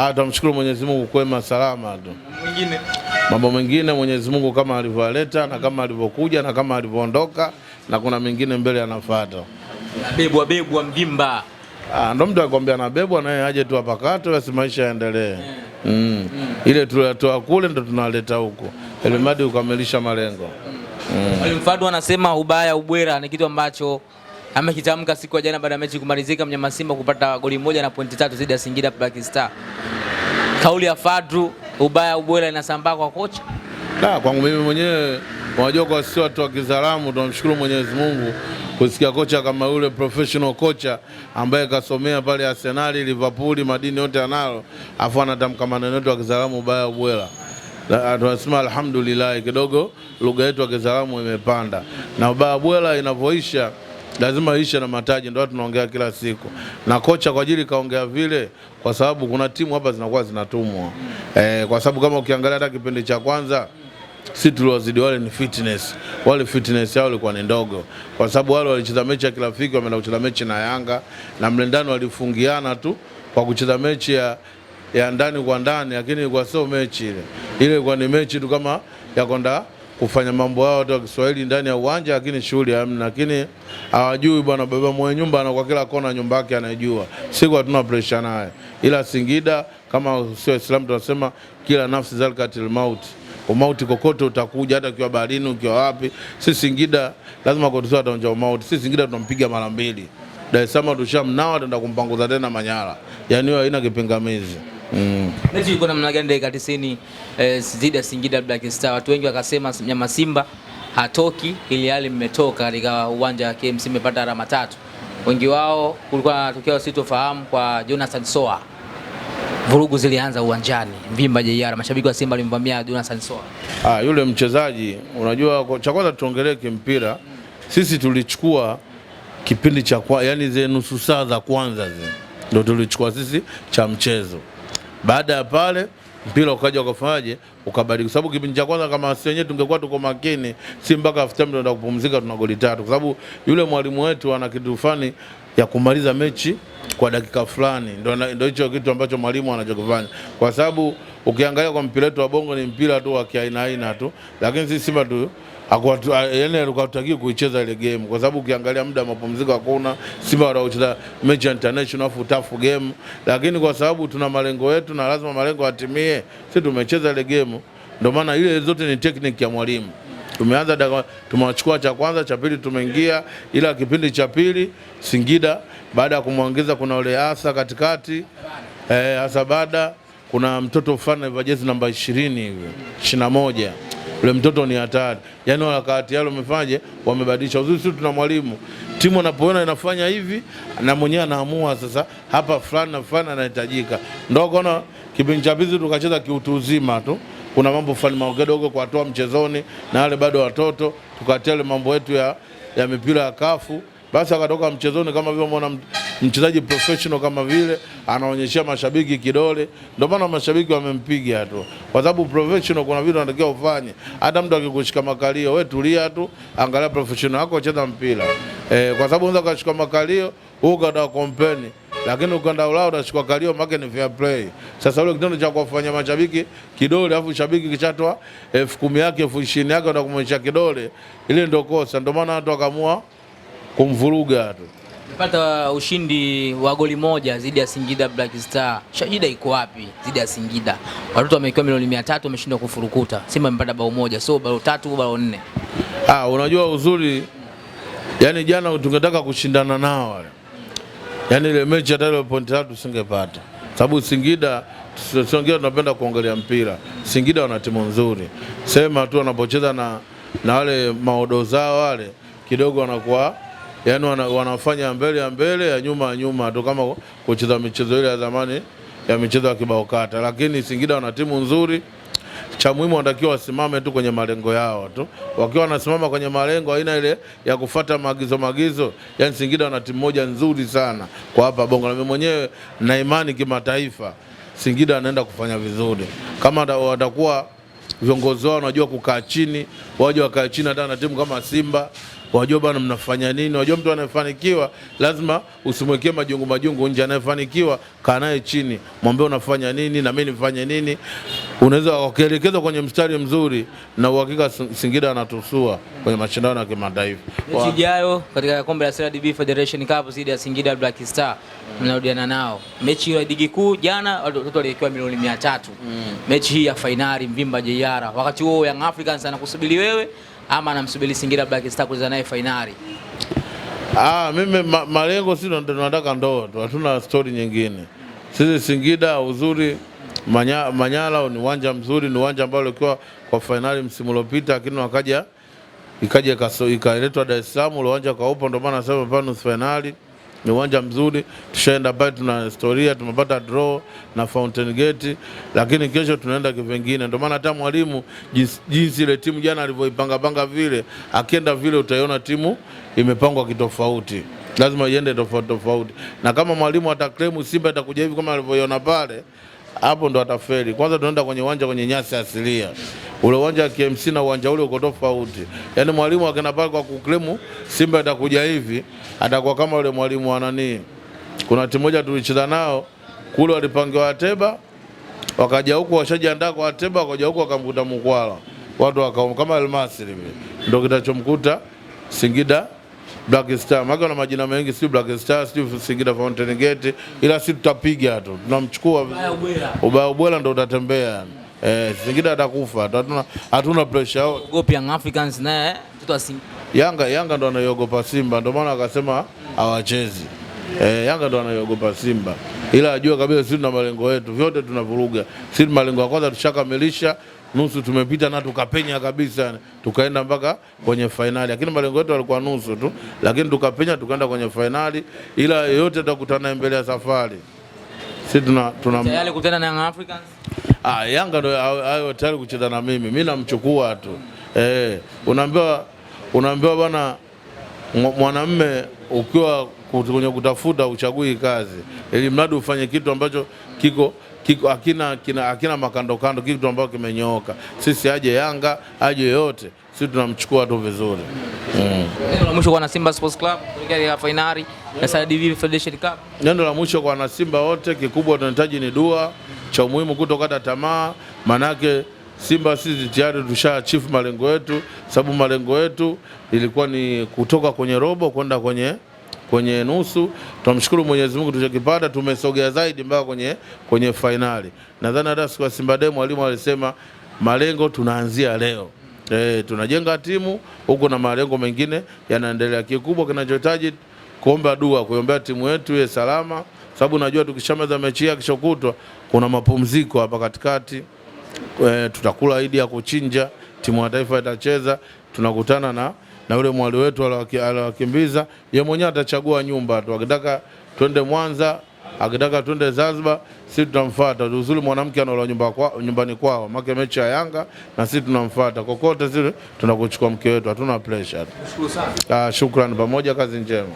Ah, tumshukuru Mwenyezi Mungu kwema salama tu. Mwingine mambo mengine Mwenyezi Mungu kama alivyoaleta na kama alivyokuja na kama alivyoondoka na kuna mengine mbele yanafuata. Bebwa bebwa mjimba. Ah, ndo mtu akwambia anabebwa naye aje tu apakato basi maisha yaendelee. Yeah. Mm. Mm. Ile tulitoa kule ndo tunaleta huko. Elimadi ukamilisha malengo. Mm. Mwalimu anasema ubaya ubwera ni kitu ambacho amekitamka siku ya jana baada ya mechi kumalizika, mnyama Simba kupata goli moja na pointi tatu zidi ya Singida Black Star. Kauli ya Fadru ubaya ubwela inasambaa kwa kocha na kwangu mimi mwenyewe, unajua kwa sisi watu wa Kizaramu tunamshukuru Mwenyezi Mungu kusikia kocha kama yule professional kocha ambaye kasomea pale Arsenal, Liverpool, madini yote analo, afu anatamka maneno yetu wa Kizaramu ubaya ubwela. Tunasema alhamdulillah, kidogo lugha yetu ya Kizaramu imepanda na ubaya ubwela inavyoisha lazima ishe na mataji, ndio tunaongea kila siku. Na kocha kwa ajili kaongea vile, kwa sababu kuna timu hapa zinakuwa zinatumwa e, kwa sababu kama ukiangalia hata kipindi cha kwanza si tuliwazidi wale ni fitness, wale fitness yao ilikuwa ni ndogo, kwa sababu wale walicheza mechi ya kirafiki, wameenda kucheza mechi na Yanga na mlendano walifungiana tu kwa kucheza mechi ya ya ndani kwa ndani, lakini ilikuwa sio mechi ile ile, ilikuwa ni mechi tu kama ya konda kufanya mambo yao watu wa Kiswahili ndani ya uwanja, lakini shughuli hamna, lakini hawajui bwana. Baba mwenye nyumba na kwa kila kona nyumba yake anajua, siku hatuna pressure naye, ila Singida kama sio Islam tunasema kila nafsi zalikatil mauti umauti kokote utakuja, hata ukiwa baharini, ukiwa wapi. Si Singida lazima kotusa ataonja umauti. Si Singida tunampiga mara mbili. Dar es Salaam tushamnao, ataenda kumpanguza tena Manyara, Yani hiyo haina kipingamizi. Mm. Mechi ilikuwa namna gani dakika 90 eh, zidi ya Singida Black Star? Watu wengi wakasema nyama Simba hatoki ili hali mmetoka katika uwanja wa KMC mmepata alama tatu. Wengi wao kulikuwa na natokea usitofahamu kwa Jonathan Soa. Vurugu zilianza uwanjani Mvimba JR, mashabiki wa Simba walimvamia Jonathan Soa. Ah, yule mchezaji unajua, cha kwanza tuongelee kimpira Sisi tulichukua kipindi cha kwa, yani zile nusu saa za kwanza zile ndio tulichukua sisi cha mchezo baada ya pale mpira ukaja ukafanyaje, ukabadilika, sababu kipindi cha kwanza kama sisi wenyewe tungekuwa tuko makini, si mpaka half time tunaenda kupumzika tuna goli tatu, kwa sababu yule mwalimu wetu ana kitu fulani ya kumaliza mechi kwa dakika fulani, ndio hicho kitu ambacho mwalimu anachokifanya kwa sababu ukiangalia kwa mpira wetu wa bongo ni mpira tu wa kiaina aina tu, lakini sisi Simba tu ah, hatutaki kuicheza ile game kwa sababu ukiangalia muda wa mapumziko hakuna. Simba wanaocheza mechi international afu tafu game, lakini kwa sababu tuna malengo yetu na lazima malengo yatimie, sisi tumecheza ile game. Ndio maana ile zote ni technique ya mwalimu. Tumeanza tumewachukua cha kwanza cha pili tumeingia, ila kipindi cha pili Singida baada ya kumwongeza kuna ule hasa katikati eh, hasa baada kuna mtoto fulani alivaa jezi namba 20 hivi 21 yule mtoto ni hatari. yani wakati yale wamefanyaje, wamebadilisha uzuri. Sisi tuna mwalimu, timu anapoona inafanya hivi na mwenyewe anaamua sasa, hapa fulani na fulani anahitajika. Ndio kaona kipindi cha bizi tukacheza kiutu uzima tu, kuna mambo fulani maogedogo kwa toa mchezoni na wale bado watoto, tukatia mambo yetu ya, ya mipira ya kafu basi akatoka mchezoni kama vile umeona mchezaji professional kama vile anaonyeshia mashabiki kidole, ndio maana mashabiki wamempiga tu, kwa sababu professional kuna vitu anatakiwa ufanye. Hata mtu akikushika makalio, we tulia tu, angalia professional wako, cheza mpira e, kwa sababu unaweza kashika makalio huko ukada kompeni, lakini ukanda ulao unashika kalio make ni fair play. Sasa ule kitendo cha kuwafanya mashabiki kidole, afu shabiki kichatwa elfu kumi yake elfu ishirini yake na kumwonyesha kidole, ile ndio kosa, ndio maana watu wakaamua kumvuruga tu. Pata ushindi wa goli moja dhidi ya Singida Black Star. Shajida iko wapi dhidi ya Singida? Watoto wamekiwa milioni mia tatu wameshindwa kufurukuta. Simba amepata bao moja, so bao tatu, bao nne. Ah, unajua uzuri, yani jana tungetaka kushindana nao wale, yani ile mechi hata ile pointi tatu singepata, sababu Singida Songea tunapenda kuangalia mpira. Singida wana timu nzuri, sema tu wanapocheza na na wale maodo zao wale kidogo wanakuwa yani wana, wanafanya mbele ya mbele ya nyuma ya nyuma tu kama kucheza michezo ile ya zamani ya michezo ya kibao kata, lakini Singida wana timu nzuri. Cha muhimu wanatakiwa wasimame tu kwenye malengo yao tu. Wakiwa wanasimama kwenye malengo, aina ile ya kufata maagizo maagizo. Yani Singida wana timu moja nzuri sana kwa hapa Bongo, na mimi mwenyewe na imani kimataifa Singida anaenda kufanya vizuri kama watakuwa viongozi wao wanajua kukaa chini, waje wakae chini hata na timu kama Simba wajua bwana, mnafanya nini? Wajua mtu anayefanikiwa lazima usimwekee majungu majungu nje. Anayefanikiwa kaa naye chini, mwambie unafanya nini na mimi nifanye nini. Unaweza wakielekezwa kwenye mstari mzuri, na uhakika Singida anatusua kwenye mashindano ya kimataifa. Mechi ijayo katika kombe la CRDB Federation Cup dhidi ya Singida Black Star mnarudiana nao. Mechi ya ligi kuu jana watoto walikuwa milioni 300. mm. Mechi hii ya fainali Mvimba JR, wakati huo Young Africans anakusubiri wewe ama anamsubiri Singida Black Star kucheza naye fainali? Ah, mimi ma, malengo si tunataka ndoa tu, hatuna stori nyingine. Sisi Singida uzuri manya, Manyara ni uwanja mzuri, ni uwanja ambao ulikuwa kwa fainali msimu uliopita, lakini wakaja ikaja ikaletwa Dar es Salaam, ule uwanja kaupo, ndio maana nasema pale nusu fainali ni uwanja mzuri, tushaenda pale, tuna historia, tumepata draw na Fountain Gate, lakini kesho tunaenda kivingine. Ndio maana hata mwalimu jinsi ile timu jana alivyoipanga panga vile, akienda vile, utaiona timu imepangwa kitofauti, lazima iende tofauti tofauti, na kama mwalimu ataklemu Simba itakuja hivi kama alivyoiona pale, hapo ndo atafeli. Kwanza tunaenda kwenye uwanja kwenye nyasi asilia ule uwanja wa KMC na uwanja ule uko tofauti. Yaani mwalimu akaenda pale kwa kuklemu Simba itakuja hivi, atakuwa kama yule mwalimu wa nani. Kuna timu moja tulicheza nao kule, walipangiwa Ateba, wakaja huku washajiandaa kwa Ateba, wakaja huku wakamkuta Mkwala, watu wakaona kama Almasri hivi, ndio kitachomkuta Singida Black Star maka na majina mengi, si Black Star, si Singida Fountain Gate, ila si tutapiga tu, tunamchukua ubaya ubwela, ndio utatembea. Eh, zingine atakufa. Hatuna hatuna pressure. Ogopi Young Africans naye eh, mtoto Simba. Yanga Yanga ndo anayogopa Simba, ndio maana akasema hawachezi. Eh, Yanga ndo anayogopa Simba. Ila ajua kabisa sisi tuna malengo yetu. Vyote tunavuruga. Sisi malengo ya kwanza tushakamilisha nusu tumepita na tukapenya kabisa, tukaenda mpaka kwenye fainali, lakini malengo yetu yalikuwa nusu tu, lakini tukapenya tukaenda kwenye fainali. Ila yote tutakutana mbele ya safari, si tuna, tuna... tayari kukutana na Africans Ah, Yanga ndio hayo tayari kucheza na mimi, mimi namchukua tu eh, unaambiwa unaambiwa bwana mwanamme ukiwa kwenye kutafuta uchagui kazi, ili mradi ufanye kitu ambacho kiko kiko akina makando makandokando, kitu ambacho kimenyooka. Sisi aje Yanga aje yote sisi tunamchukua tu vizuri. Mm. Neno la mwisho kwa Simba Sports Club kuelekea finali ya CDV Federation Cup. Neno la mwisho kwa Wanasimba wote, kikubwa tunahitaji ni dua cha umuhimu kutokata tamaa, manake Simba sisi tayari tushaachieve malengo yetu, sababu malengo yetu ilikuwa ni kutoka kwenye robo kwenda kwenye kwenye nusu. Tunamshukuru Mwenyezi Mungu tulichokipata, tumesogea zaidi mpaka kwenye kwenye fainali. Nadhani hata siku ya Simba Day mwalimu alisema malengo tunaanzia leo. E, tunajenga timu huko na malengo mengine yanaendelea. Kikubwa kinachohitaji kuomba dua, kuombea timu yetu iwe salama, sababu najua tukishamaliza mechi hii kesho kutwa kuna mapumziko hapa katikati e, tutakula idi ya kuchinja, timu ya taifa itacheza, tunakutana na na yule mwali wetu aliwakimbiza, ye mwenyewe atachagua nyumba tu, akitaka twende Mwanza, akitaka twende Zanzibar, sisi tutamfuata. uzuri. Mwanamke anaola nyumba kwa, nyumbani kwao, make mechi ya Yanga na sisi tunamfuata kokote, sisi tunakuchukua mke wetu, hatuna pressure. Ah, Shukrani pamoja, kazi njema.